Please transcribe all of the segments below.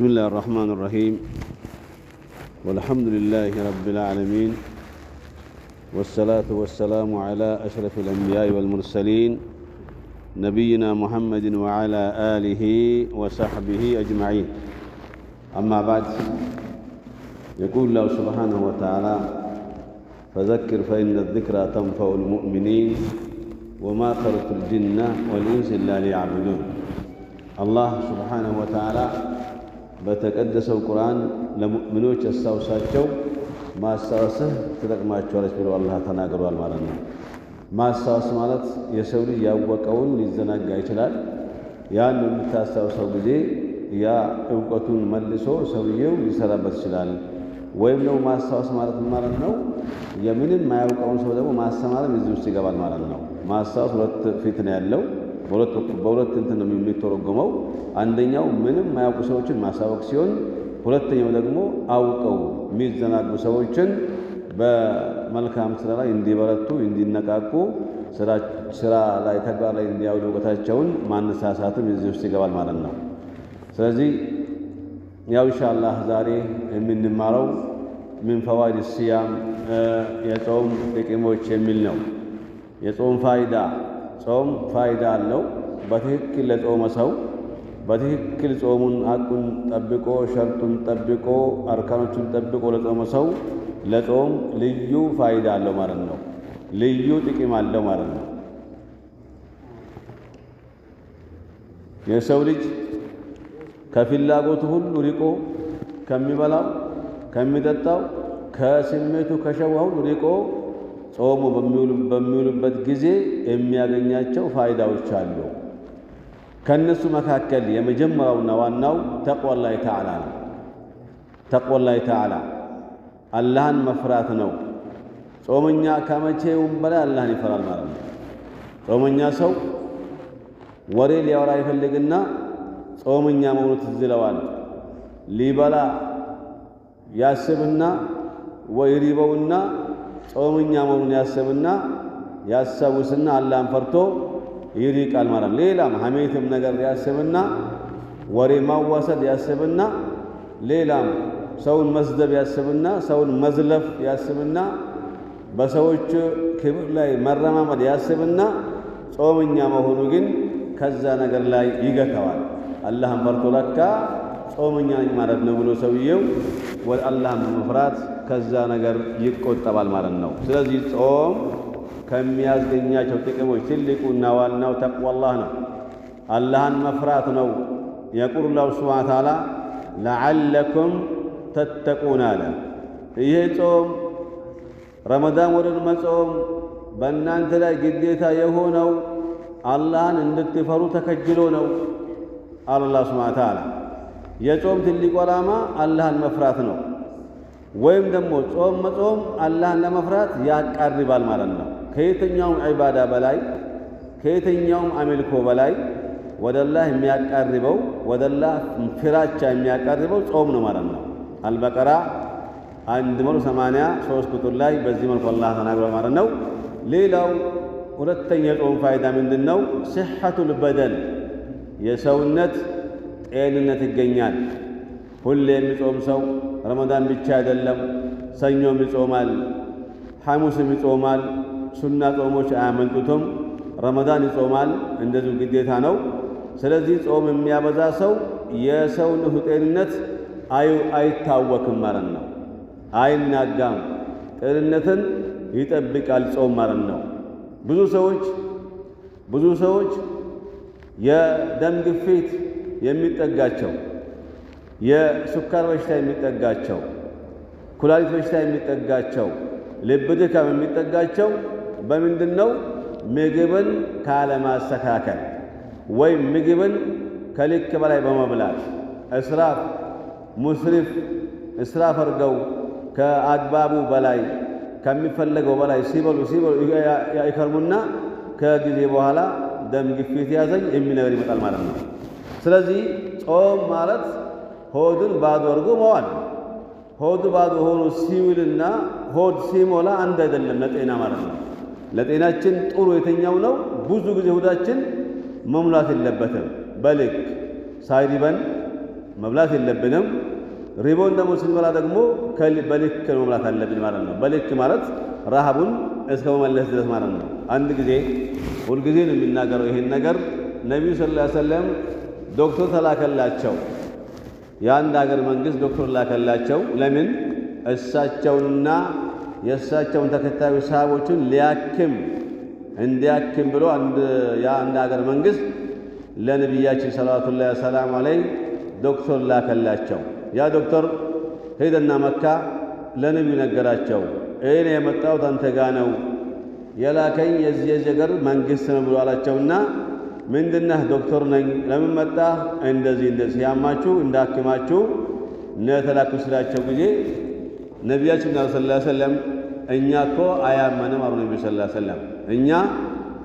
بسم الله الرحمن الرحيم والحمد لله رب العالمين والصلاة والسلام على أشرف الأنبياء والمرسلين نبينا محمد وعلى آله وصحبه أجمعين أما بعد يقول الله سبحانه وتعالى فذكر فإن الذكرى تنفع المؤمنين وما خلق الجن والإنس إلا ليعبدون الله سبحانه وتعالى በተቀደሰው ቁርአን ለሙእሚኖች ያስታውሳቸው ማስታወስህ ትጠቅማቸዋለች ብሎ አላህ ተናግሯል ማለት ነው። ማስታወስ ማለት የሰው ልጅ ያወቀውን ሊዘናጋ ይችላል። ያን የምታስታውሰው ጊዜ ያ እውቀቱን መልሶ ሰውየው ሊሰራበት ይችላል። ወይም ደግሞ ማስታወስ ማለት ማለት ነው የምንም የማያውቀውን ሰው ደግሞ ማስተማርም እዚህ ውስጥ ይገባል ማለት ነው። ማስታወስ ሁለት ፊት ነው ያለው። በሁለት በሁለት እንትን ነው የሚተረጎመው። አንደኛው ምንም ማያውቁ ሰዎችን ማሳወቅ ሲሆን፣ ሁለተኛው ደግሞ አውቀው የሚዘናጉ ሰዎችን በመልካም ስራ ላይ እንዲበረቱ፣ እንዲነቃቁ፣ ስራ ላይ ተግባር ላይ እንዲያውሉ እውቀታቸውን ማነሳሳትም እዚህ ውስጥ ይገባል ማለት ነው። ስለዚህ ያው ኢንሻአላህ ዛሬ የምንማረው ምን ፈዋይድ ሲያም የጾም ጥቅሞች የሚል ነው። የጾም ፋይዳ ጾም ፋይዳ አለው። በትክክል ለጾመ ሰው በትክክል ጾሙን አቁን ጠብቆ ሸርጡን ጠብቆ አርካኖቹን ጠብቆ ለጾመ ሰው ለጾም ልዩ ፋይዳ አለው ማለት ነው። ልዩ ጥቅም አለው ማለት ነው። የሰው ልጅ ከፍላጎቱ ሁሉ ሪቆ ከሚበላው ከሚጠጣው ከስሜቱ ከሸዋ ሁሉ ሪቆ ጾሙ በሚውሉበት ጊዜ የሚያገኛቸው ፋይዳዎች አሉ። ከእነሱ መካከል የመጀመሪያውና ዋናው ተቆላይ ተዓላ ነው። ተቆላይ ተዓላ አላህን መፍራት ነው። ጾመኛ ከመቼውም በላይ አላህን ይፈራል ማለት ነው። ጾመኛ ሰው ወሬ ሊያወራ ይፈልግና ጾመኛ መሆኑ ትዝ ይለዋል። ሊበላ ያስብና ወይ ሪበውና ጾመኛ መሆኑን ያስብና ያሰቡስና አላህን ፈርቶ ይሪቃል ማለት ሌላም ሐሜትም ነገር ያስብና ወሬ ማዋሰድ ያስብና ሌላም ሰውን መስደብ ያስብና ሰውን መዝለፍ ያስብና በሰዎች ክብር ላይ መረማመድ ያስብና ጾመኛ መሆኑ ግን ከዛ ነገር ላይ ይገተዋል። አላህን ፈርቶ ለካ ጾመኛ ነኝ ማለት ነው ብሎ ሰውየው ወደ አላህን በመፍራት ከዛ ነገር ይቆጠባል ማለት ነው። ስለዚህ ጾም ከሚያስገኛቸው ጥቅሞች እና ዋናው ተቅዋላህ ነው፣ አላህን መፍራት ነው። የቁር ላሁ ስብሓነ ተዓላ ለዓለኩም ተተቁን አለ። ይሄ ጾም ረመዳን ወደን መጾም በእናንተ ላይ ግዴታ የሆነው አላህን እንድትፈሩ ተከጅሎ ነው አለ አላህ ስብሓነ ተዓላ የጾም ትልቁ ዓላማ አላህን መፍራት ነው። ወይም ደግሞ ጾም መጾም አላህን ለመፍራት ያቃርባል ማለት ነው። ከየትኛውም ዒባዳ በላይ ከየትኛውም አምልኮ በላይ ወደ አላህ የሚያቃርበው ወደ አላህ ፍራቻ የሚያቃርበው ጾም ነው ማለት ነው። አልበቀራ አንድ መቶ ሰማንያ ቁጥር ላይ በዚህ መልኩ አላህ ተናግሯል ማለት ነው። ሌላው ሁለተኛ የጾም ፋይዳ ምንድን ነው? ስሐቱል የሰውነት ጤንነት ይገኛል። ሁሌ የሚጾም ሰው ረመዳን ብቻ አይደለም፣ ሰኞም ይጾማል፣ ሐሙስም ይጾማል። ሱና ጾሞች አያመልጡትም። ረመዳን ይጾማል፣ እንደዚሁ ግዴታ ነው። ስለዚህ ጾም የሚያበዛ ሰው የሰውነቱ ጤንነት አይታወክም ማለት ነው፣ አይናጋም። ጤንነትን ይጠብቃል ጾም ማለት ነው። ብዙ ሰዎች ብዙ ሰዎች የደም ግፊት የሚጠጋቸው የሱካር በሽታ የሚጠጋቸው ኩላሊት በሽታ የሚጠጋቸው ልብ ድካም የሚጠጋቸው በምንድን ነው? ምግብን ካለማስተካከል ወይም ምግብን ከልክ በላይ በመብላት እስራፍ፣ ሙስሪፍ እስራፍ አድርገው ከአግባቡ በላይ ከሚፈለገው በላይ ሲበሉ ሲበሉ ይከርሙና ከጊዜ በኋላ ደም ግፊት ያዘኝ የሚል ነገር ይመጣል ማለት ነው። ስለዚህ ጾም ማለት ሆድን ባዶ አድርጎ መዋል። ሆድ ባዶ ሆኖ ሲውልና ሆድ ሲሞላ አንድ አይደለም ለጤና ማለት ነው። ለጤናችን ጥሩ የተኛው ነው። ብዙ ጊዜ ሆዳችን መሙላት የለበትም። በልክ ሳይሪበን መብላት የለብንም። ሪቦን ደግሞ ስንበላ ደግሞ በልክ መብላት አለብን ማለት ነው። በልክ ማለት ረሃቡን እስከ መመለስ ድረስ ማለት ነው። አንድ ጊዜ ሁልጊዜ ነው የሚናገረው ይሄን ነገር ነቢዩ ሰለላሁ ላ ወሰለም ዶክተር ተላከላቸው። የአንድ ሀገር መንግስት ዶክተር ላከላቸው። ለምን እሳቸውንና የእሳቸውን ተከታዩ ሰሃቦችን ሊያክም እንዲያክም ብሎ የአንድ ሀገር መንግስት ለነቢያችን ሰለዋቱላሂ ወሰላሙ አለይ ዶክተር ላከላቸው። ያ ዶክተር ሄደና መካ ለነቢዩ ነገራቸው። እኔ የመጣሁት አንተ ጋ ነው የላከኝ የዚህ የዚህ መንግስት ነው ብሎ አላቸውና ምንድነህ? ዶክተር ነኝ። ለምን መጣህ? እንደዚህ እንደዚህ ያማችሁ እንዳክማችሁ ነተላኩ ስላቸው ጊዜ ነቢያችን ና ስላ ሰለም እኛ እኮ አያመንም አሉ። ነቢ ስላ ሰለም እኛ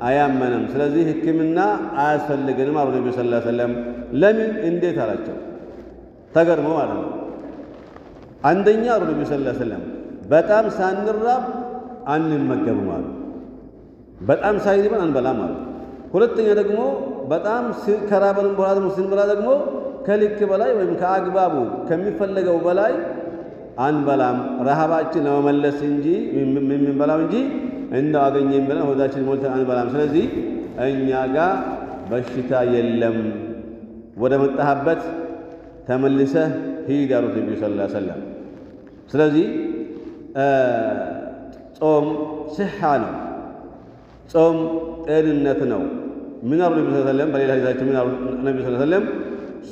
አያመንም፣ ስለዚህ ህክምና አያስፈልግንም አሉ። ነቢ ስላ ሰለም ለምን እንዴት አላቸው። ተገርሞ ማለት ነው። አንደኛ አሉ ነቢ ስላ ሰለም በጣም ሳንራብ አንመገብም አሉ። በጣም ሳይርበን አንበላም አሉ። ሁለተኛ ደግሞ በጣም ከራበንም በኋላ ደግሞ ስንበላ ደግሞ ከልክ በላይ ወይም ከአግባቡ ከሚፈለገው በላይ አንበላም። ረሃባችን ለመመለስ እንጂ የምንበላው እንጂ እንደው አገኘን ብለን ሆዳችን ሞልተን አንበላም። ስለዚህ እኛ ጋር በሽታ የለም፣ ወደ መጣህበት ተመልሰህ ሂድ አሉት ነቢዩ ሰለላሁ ዐለይሂ ወሰለም። ስለዚህ ጾም ስሓ ነው። ጾም ጤንነት ነው። ምን አሉ ነቢ ሰለም በሌላ ጊዜያቸው ምን አሉ ነቢ ሰለም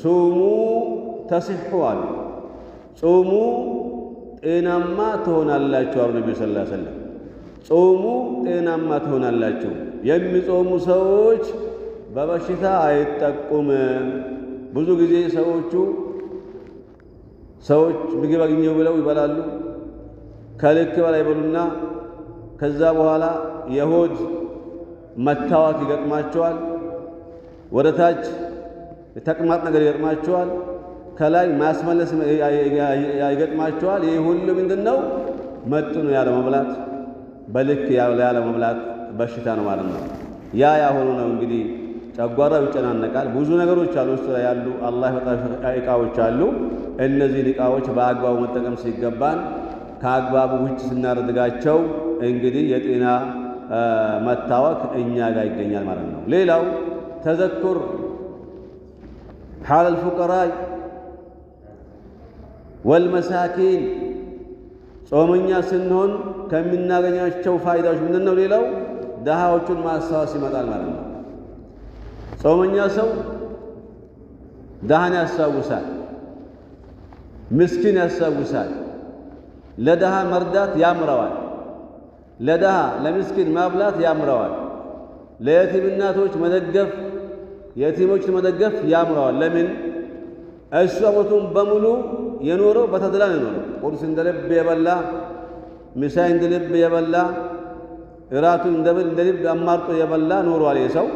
ሱሙ ተሲሑ አሉ። ጾሙ ጤናማ ትሆናላችሁ አሉ ነቢ ስ ሰለም ጾሙ ጤናማ ትሆናላችሁ። የሚጾሙ ሰዎች በበሽታ አይጠቁም። ብዙ ጊዜ ሰዎቹ ሰዎች ምግብ አግኘው ብለው ይበላሉ። ከልክ በላይ ይበሉና ከዛ በኋላ የሆድ መታወክ ይገጥማቸዋል። ወደ ታች ተቅማጥ ነገር ይገጥማቸዋል። ከላይ ማስመለስ ይገጥማቸዋል። ይህ ሁሉ ምንድን ነው? መጥኑ ያለ መብላት፣ በልክ ያለ መብላት በሽታ ነው ማለት ነው። ያ ያ ሆኖ ነው እንግዲህ ጨጓራው ይጨናነቃል። ብዙ ነገሮች አሉ፣ ውስጥ ላይ ያሉ አላህ እቃዎች አሉ። እነዚህን እቃዎች በአግባቡ መጠቀም ሲገባን ከአግባቡ ውጭ ስናደርጋቸው እንግዲህ የጤና መታወክ እኛ ጋር ይገኛል ማለት ነው። ሌላው ተዘኩር ሓለል ፉቀራይ ወልመሳኪን ጾመኛ ስንሆን ከምናገኛቸው ፋይዳዎች ምንድን ነው? ሌላው ደሃዎቹን ማስታወስ ይመጣል ማለት ነው። ጾመኛ ሰው ደሃን ያስታውሳል፣ ምስኪን ያስታውሳል፣ ለደሃ መርዳት ያምረዋል። ለድሃ ለምስኪን ማብላት ያምረዋል። ለየቲም እናቶች መደገፍ የቲሞችን መደገፍ ያምረዋል። ለምን እሱ አመቱን በሙሉ የኖረው በተድላ ነው የኖረው። ቁርስ እንደ ልብ የበላ ምሳይ እንደ ልብ የበላ እራቱን እንደ እንደ ልብ አማርጦ የበላ ኖሯል። የሰው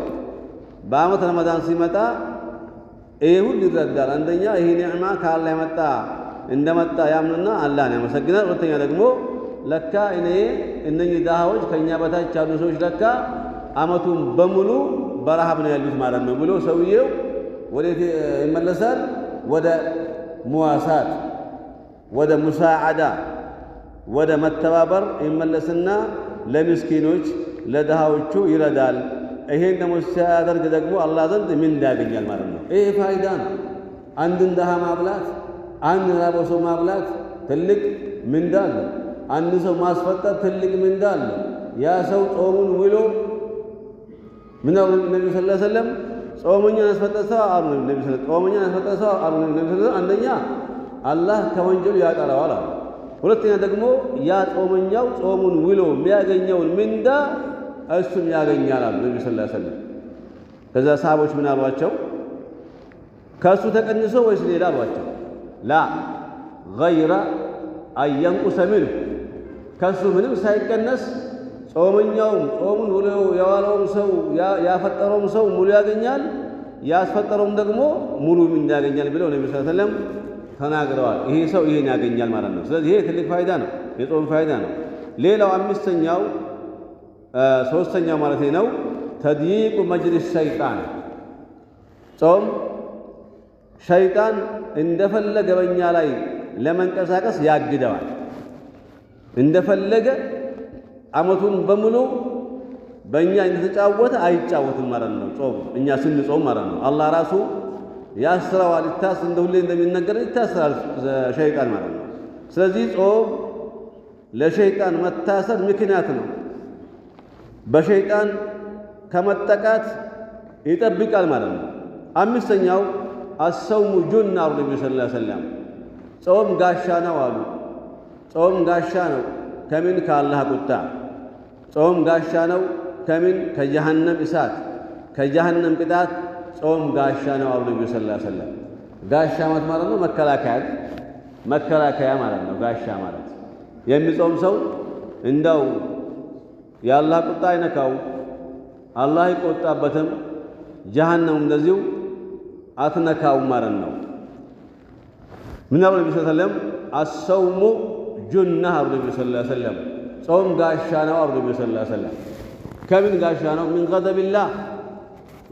በአመት ረመዳን ሲመጣ ይሄ ሁሉ ይረዳል። አንደኛ ይሄ ኒዕማ ከአላህ የመጣ እንደመጣ ያምንና አላህን ያመሰግናል። ሁለተኛ ደግሞ ለካ እኔ እነኚህ ድሃዎች ከእኛ በታች ያሉ ሰዎች ለካ አመቱን በሙሉ በረሃብ ነው ያሉት ማለት ነው ብሎ ሰውየው ወዴት ይመለሳል? ወደ ሙዋሳት፣ ወደ ሙሳዓዳ፣ ወደ መተባበር ይመለስና ለምስኪኖች ለድሃዎቹ ይረዳል። ይሄን ደግሞ ሲያደርግ ደግሞ አላህ ዘንድ ምን እንዳያገኛል ማለት ነው። ይሄ ፋይዳ ነው። አንድን ድሃ ማብላት፣ አንድ ራበ ሰው ማብላት ትልቅ ምንዳ አለው። አንድ ሰው ማስፈጠር ትልቅ ምንዳ አለ። ያ ሰው ጾሙን ውሎ ምን አሉ ነብዩ ሰለላሁ ዐለይሂ ወሰለም ጾመኛን ያስፈጠረ ሰው አሉ ነብዩ ሰለላሁ ጾመኛን ያስፈጠረ ሰው አሉ ነብዩ ሰለላሁ አንደኛ አላህ ከወንጀሉ ያጠራዋል አሉ። ሁለተኛ ደግሞ ያ ጾመኛው ጾሙን ውሎ የሚያገኘውን ምንዳ እሱም ያገኛል አሉ ነብዩ ሰለላሁ ዐለይሂ ወሰለም። ከዛ ሰሃቦች ምን አሏቸው? ከእሱ ተቀንሶ ወይስ ሌላ አሏቸው? ላ ገይረ አን የንቁሰ ሚንሁ ከሱ ምንም ሳይቀነስ ጾመኛውም ጾሙን ውሎ የዋለውም ሰው ያፈጠረውም ሰው ሙሉ ያገኛል፣ ያስፈጠረውም ደግሞ ሙሉ ያገኛል ብለው ነቢ ስ ሰለም ተናግረዋል። ይሄ ሰው ይሄን ያገኛል ማለት ነው። ስለዚህ ይሄ ትልቅ ፋይዳ ነው፣ የጾም ፋይዳ ነው። ሌላው አምስተኛው ሶስተኛው ማለት ነው ተድይቁ መጅሊስ ሸይጣን ጾም ሸይጣን እንደፈለገ በእኛ ላይ ለመንቀሳቀስ ያግደዋል። እንደፈለገ አመቱን በሙሉ በእኛ እንደተጫወተ አይጫወትም ማለት ነው። ጾም እኛ ስንጾም ማለት ነው። አላህ ራሱ ያስራዋል ይታስ እንደ ሁሌ እንደሚነገር ይታስራል ሸይጣን ማለት ነው። ስለዚህ ጾም ለሸይጣን መታሰር ምክንያት ነው። በሸይጣን ከመጠቃት ይጠብቃል ማለት ነው። አምስተኛው አሰውሙ ጁናሩ አሉ ነቢዩ ጾም ጋሻ ነው አሉ ጾም ጋሻ ነው ከምን ከአላህ ቁጣ። ጾም ጋሻ ነው ከምን ከጀሃነም እሳት፣ ከጀሃነም ቅጣት ጾም ጋሻ ነው አሉ ነቢዩ ሰለላሁ ዐለይሂ ወሰለም። ጋሻ ማለት ማለት ነው መከላከያ መከላከያ ማለት ነው ጋሻ ማለት። የሚጾም ሰው እንደው የአላህ ቁጣ አይነካው፣ አላህ ይቆጣበትም፣ ጀሃነም እንደዚሁ አትነካው ማለት ነው። ምን አሉ ነቢዩ ሰለላሁ ዐለይሂ ወሰለም አሰውሙ ጁናህ አሉ ነቢዩ ስለ ሰለም ጾም ጋሻ ነው አሉ ነቢዩ ስለ ሰለም ከምን ጋሻ ነው ምን ገደብላህ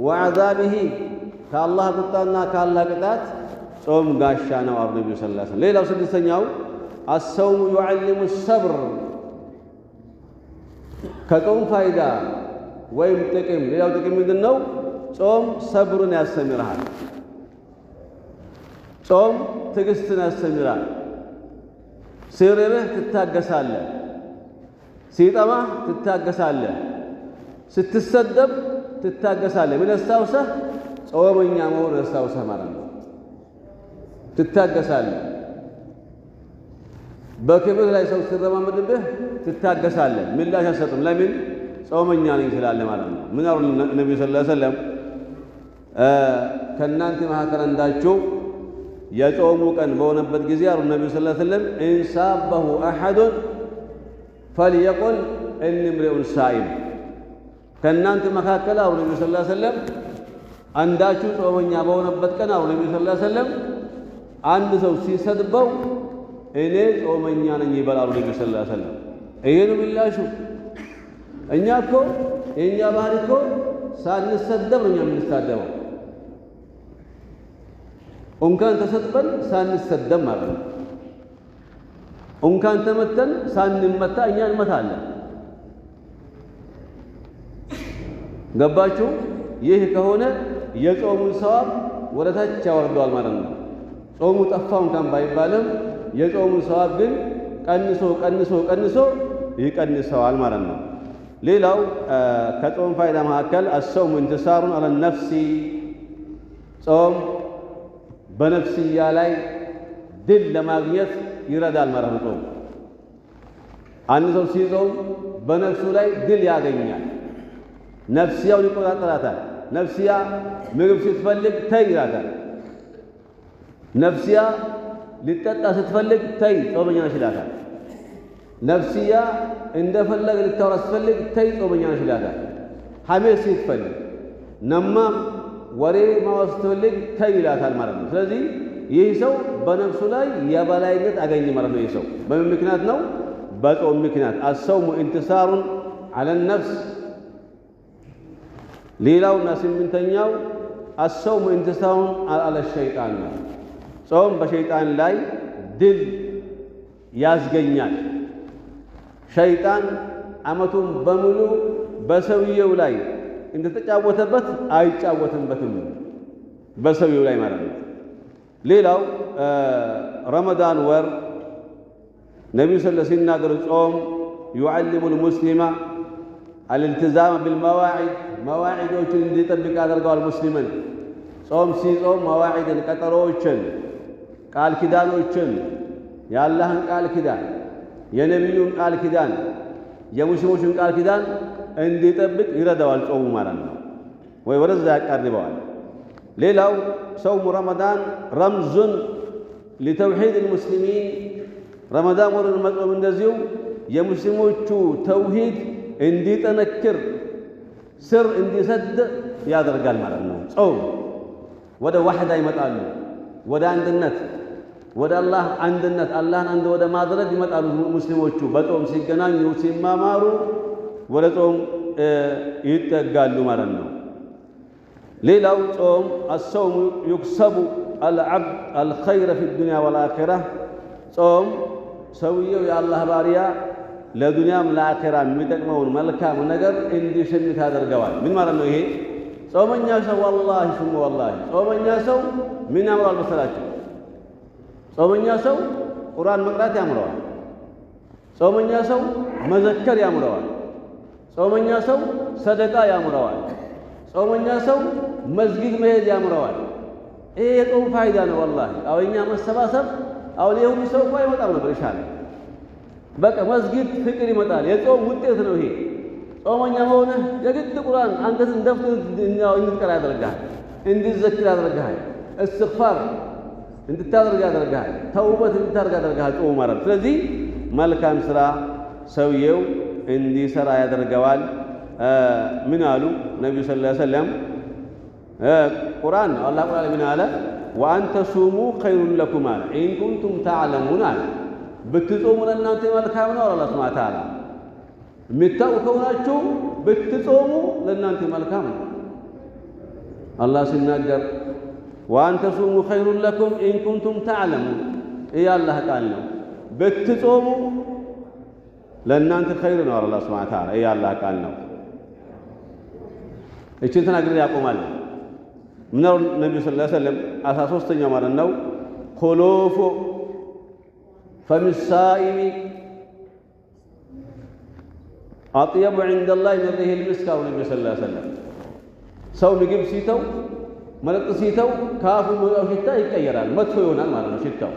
ወዐዛብህ ከአላህ ቁጣና ከአላህ ቅጣት ጾም ጋሻ ነው አሉ ነቢዩ ስለ ሰለም ሌላው ስድስተኛው አሰውሙ ዩዓልሙ ሰብር ከጾም ፋይዳ ወይም ጥቅም ሌላው ጥቅም ምንድን ነው ጾም ሰብርን ያስተምርሃል ጾም ትዕግስትን ያስተምራል ሲርብህ ትታገሳለህ፣ ሲጠማህ ትታገሳለህ፣ ስትሰደብ ትታገሳለህ። ምን አስታውሰህ ጾመኛ መሆን አስታውሰህ ማለት ነው። ትታገሳለህ። በክብር ላይ ሰው ሲረማመድብህ ትታገሳለህ፣ ምላሽ አትሰጥም። ለምን ጾመኛ ነኝ ስላለህ ማለት ነው። ምን አሉ ነቢዩ ሰለላሁ ዐለይሂ ወሰለም ከእናንተ መካከል አንዳችሁ የጾሙ ቀን በሆነበት ጊዜ አሉ ነቢዩ ስ ስለም ኢንሳበሁ አሐዱን ፈልየቁል እኒ ምሪኡን ሳኢም። ከእናንተ መካከል አሉ ነቢዩ ስ ስለም አንዳችሁ ጾመኛ በሆነበት ቀን አሉ ነቢዩ ስ ስለም አንድ ሰው ሲሰድበው እኔ ጾመኛ ነኝ ይበላሉ ነቢዩ ስ ስለም። ይሄ ነው ምላሹ። እኛ እኮ የእኛ ባህሪ እኮ ሳንሰደብ ነው የምንሳደበው እንኳን ተሰጥበን ሳንሰደም ማለት ነው። እንኳን ተመተን ሳንመታ እኛ እንመታለን። ገባችሁ? ይህ ከሆነ የጾሙን ሰዋብ ወደታች ያወርደዋል ማለት ነው። ጾሙ ጠፋ እንኳን ባይባልም የጾሙን ሰዋብ ግን ቀንሶ ቀንሶ ቀንሶ ይቀንሰዋል ማለት ነው። ሌላው ከጾም ፋይዳ መካከል አሰውም ኢንትሳሩን አለ ነፍሲ ጾም በነፍስያ ላይ ድል ለማግኘት ይረዳል ማለት ነው። ጾም አንድ ሰው ሲጾም በነፍሱ ላይ ድል ያገኛል። ነፍስያውን ይቆጣጠራታል። ነፍስያ ምግብ ስትፈልግ ተይ ይላታል። ነፍስያ ልጠጣ ስትፈልግ ተይ ጾመኛ ነሽ ይላታል። ነፍስያ እንደፈለግ ልታወራ ስትፈልግ ተይ ጾመኛ ነሽ ይላታል። ሐሜት ስትፈልግ ነማም ወሬ ማወስ ተይ ይላታል ማለት ነው። ስለዚህ ይህ ሰው በነፍሱ ላይ የበላይነት አገኘ ማለት ነው። ይህ ሰው በምን ምክንያት ነው? በጾም ምክንያት። አሰውሙ ኢንትሳሩን አለነፍስ። ሌላውና ስምንተኛው አሰውሙ ኢንትሳሩን አለ ሸይጣን ነው። ጾም በሸይጣን ላይ ድል ያስገኛል። ሸይጣን አመቱን በሙሉ በሰውየው ላይ እንደተጫወተበት አይጫወትበትም በሰውየው ላይ ማለት ነው። ሌላው ረመዳን ወር ነቢዩ ስለ ሲናገር ጾም ዩዓሊሙ ልሙስሊማ አልልትዛም ቢልመዋዒድ መዋዒዶችን እንዲጠብቅ ያደርገዋል። ሙስሊምን ጾም ሲጾም መዋዒድን፣ ቀጠሮዎችን፣ ቃል ኪዳኖችን የአላህን ቃል ኪዳን የነቢዩን ቃል ኪዳን የሙስሊሞችን ቃል ኪዳን عندي تبت إرادة والصوم مرنا ويورز ذاك أربوان ليلو صوم رمضان رمز لتوحيد المسلمين رمضان ور المطلوب من دزيو يا مسلمو تشو توحيد عندي تنكر سر عندي سد يا درقال مرنا أو ودا واحد أي مطالب ودا عند النت ودا الله عند النت الله عند ودا ما درد مطالب مسلمو تشو بتوم سيجنان يوسف ما مارو ወደ ጾም ይጠጋሉ ማለት ነው። ሌላው ጾም አሰውሙ ዩክሰቡ አልዓብድ አልኸይረ ፊ ዱንያ ወልአኺራ። ጾም ሰውየው የአላህ ባሪያ ለዱንያም ለአኺራ የሚጠቅመውን መልካም ነገር እንዲሸምት ያደርገዋል። ምን ማለት ነው ይሄ? ጾመኛ ሰው ወላሂ ስሙ ወላሂ ጾመኛ ሰው ምን ያምረዋል መሰላችሁ? ጾመኛ ሰው ቁርአን መቅራት ያምረዋል። ጾመኛ ሰው መዘከር ያምረዋል። ጾመኛ ሰው ሰደቃ ያምረዋል። ጾመኛ ሰው መስጊድ መሄድ ያምረዋል። ይሄ የጾም ፋይዳ ነው። ወላሂ አሁን እኛ መሰባሰብ አሁን የሁሉ ሰው እኮ አይመጣም ነበር ይሻላል። በቃ መስጊድ ፍቅር ይመጣል። የጾም ውጤት ነው ይሄ። ጾመኛ መሆነ የግድ ቁርአን አንተስ እንደፍ እንድትቀራ ያደርግሃል፣ እንድትዘክር ያደርግሃል፣ እስትግፋር እንድታደርግ ያደርግሃል፣ ተውበት እንድታደርግ ያደርግሃል ጾሙ ማለት። ስለዚህ መልካም ስራ ሰውየው እንዲሰራ ያደርገዋል። ምን አሉ ነቢዩ ሰለላሁ ዐለይሂ ወሰለም? ቁርአን አላህ ቁርአን ምን አለ? ወአንተ ሱሙ ኸይሩን ለኩም አለ ኢን ኩንቱም ተዕለሙን አለ። ብትጾሙ ለእናንተ መልካም ነው አላህ ሱብሓነሁ ወተዓላ። የምታውቁ ከሆናችሁ ብትጾሙ ለእናንተ መልካም ነው። አላህ ሲናገር ወአንተ ሱሙ ኸይሩን ለኩም ኢን ኩንቱም ተዕለሙን፣ ይህ አላህ ቃል ነው። ብትጾሙ ለእናንተ ኸይር ነው። አላህ ሱብሓነሁ ወተዓላ ያላህ ቃል ነው። እችን ተናግሬ ያቆማል። ምናው አሉ ነብዩ ሰለላሁ አስራ ሦስተኛው ማለት ነው ኮሎፎ ፈሚሳኢሚ አጥየቡ ዐንደላሂ ሚን ሪሒል ሚስክ አሉ ሰው ምግብ ሲተው መጠጥ ሲተው ከአፉ የሚወጣው ሽታ ይቀየራል፣ መጥፎ ይሆናል ማለት ነው ሽታው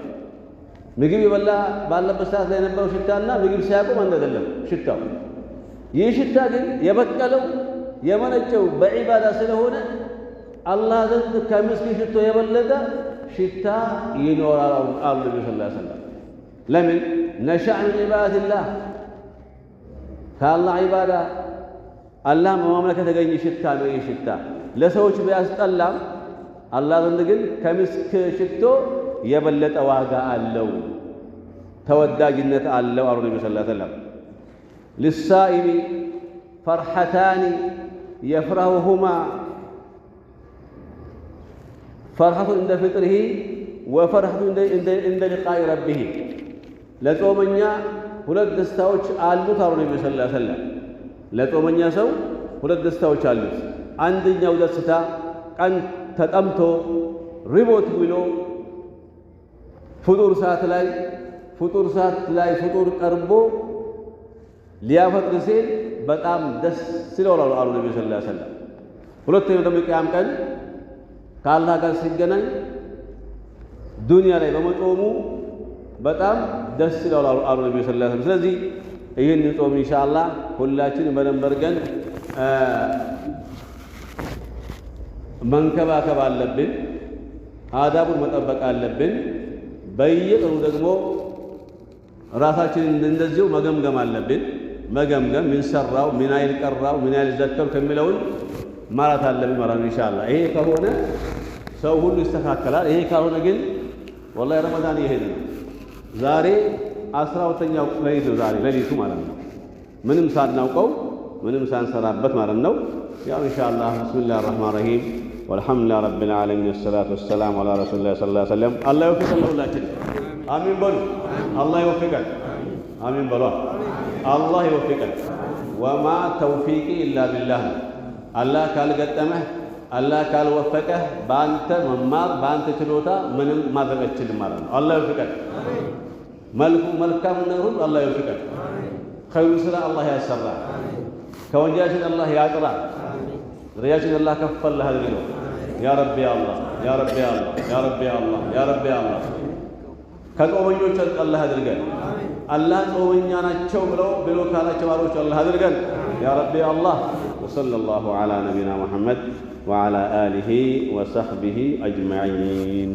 ምግብ የበላ ባለበት ሰዓት ላይ የነበረው ሽታና ምግብ ሲያቆም አንድ አይደለም ሽታው። ይህ ሽታ ግን የበቀለው የመነጨው በዒባዳ ስለሆነ አላህ ዘንድ ከመስኪን ሽቶ የበለጠ ሽታ ይኖራል አሉ ነቢ ስ ሰለም። ለምን ነሻ ምን ዒባዳትላህ ከአላህ ዒባዳ አላህ በማምለክ የተገኘ ሽታ ነው። ይህ ሽታ ለሰዎች ቢያስጠላም አላህ ዘንድ ግን ከምስክ ሽቶ የበለጠ ዋጋ አለው፣ ተወዳጅነት አለው አሉ ነቢ ስላ ሰለም። ልሳኢሚ ፈርሐታኒ የፍረሁሁማ ፈርሐቱ እንደ ፍጥርሂ ወፈርሐቱ እንደ ሊቃኢ ረቢሂ ለጾመኛ ሁለት ደስታዎች አሉት አሉ ነቢ ስላ ሰለም። ለጾመኛ ሰው ሁለት ደስታዎች አሉት። አንደኛው ደስታ ቀን ተጠምቶ ሪቦት ብሎ ፍጡር ሰዓት ላይ ፍጡር ሰዓት ላይ ፍጡር ቀርቦ ሊያፈጥር ሲል በጣም ደስ ይለዋል አሉ ነቢ ስ ሰለም። ሁለተኛው ደግሞ የቅያም ቀን ከአላህ ጋር ሲገናኝ ዱንያ ላይ በመጾሙ በጣም ደስ ይለዋል አሉ ነቢ ስ ሰለም። ስለዚህ ይህን ጾም ኢንሻአላህ ሁላችን በደንብ አድርገን መንከባከብ አለብን፣ አዳቡን መጠበቅ አለብን። በየቀኑ ደግሞ ራሳችንን እንደዚሁ መገምገም አለብን። መገምገም ምን ሰራው፣ ምን አይል ቀራው፣ ምን አይል ዘከር የሚለውን ማራት አለብን ማለት ነው። ኢንሻአላህ ይሄ ከሆነ ሰው ሁሉ ይስተካከላል። ይሄ ካልሆነ ግን ወላሂ ረመዳን ይሄ ነው። ዛሬ አስራ ሁለተኛው ዛሬ ለሊቱ ማለት ነው። ምንም ሳናውቀው ምንም ሳንሰራበት ማለት ነው። ያው ኢንሻአላህ ብስሚላ ረህማን ረሂም። والحمد لله رب العالمين الصلاة والسلام على رسول الله صلى الله عليه وسلم الله يوفقك الله آمين بول الله يوفقك آمين بول الله يوفقك وما توفيقي إلا بالله الله قال قدمه الله قال وفقه بانت ممار بانت تلوتا من ما تغچل ማለት ነው الله يوفقك መልኩ መልካም الله يوفقك خير ይወፍቀን። الله ስራ كون جاشد الله አላህ رياشد الله كفل ከፍ አድርገው። يا رب يا الله يا رب يا الله يا رب يا الله يا رب يا الله ከጾመኞች الله አድርገን አላህ تشو بلو بلو ብሎ ካላቸው ባሮች አላህ አድርገን يا رب يا الله وصلى الله على نبينا محمد وعلى آله وصحبه أجمعين